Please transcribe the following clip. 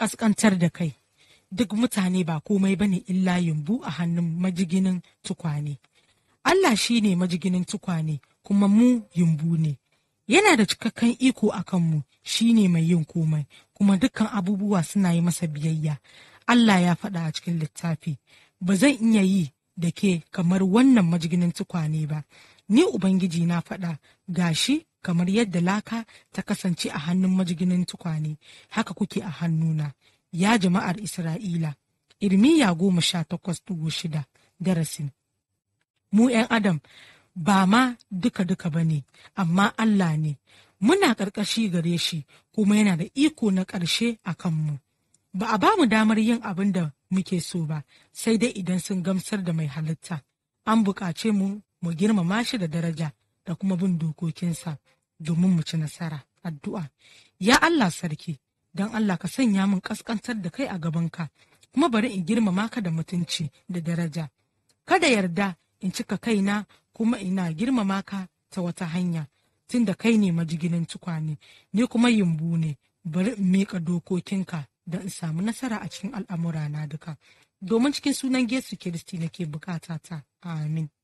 kaskantar da kai duk mutane ba komai bane illa yumbu a hannun majiginin tukwane Allah shi ne majiginin tukwane kuma mu yumbu ne yana da cikakken iko a kanmu shi ne mai yin komai kuma dukkan abubuwa suna yi masa biyayya Allah ya faɗa a cikin littafi ba zan iya yi da ke kamar wannan majiginin tukwane ba ni ubangiji na faɗa gashi kamar yadda laka ta kasance a hannun majiginin tukwane haka kuke a hannuna ya jama'ar isra'ila irmiya goma sha takwas dubu shida darasin mu 'yan adam ba ma duka-duka ba ne amma allah ne muna ƙarƙashi gare shi kuma yana da iko na ƙarshe a kanmu ba a ba mu damar yin abin da muke so ba sai dai idan sun gamsar da mai halitta an buƙace mu mu girmama shi da daraja da kuma bin dokokinsa domin mu ci nasara addu'a ya Allah sarki don Allah ka sanya min kaskantar da kai a gabanka kuma bari in girmama ka da mutunci da daraja kada yarda in cika kaina kuma ina girmama ka ta wata hanya tun da kai ne majigilin tukwane ni kuma yimbu ne bari in miƙa dokokinka don in samu nasara a cikin al'amura na duka domin cikin sunan Yesu Kiristi nake bukata ta amin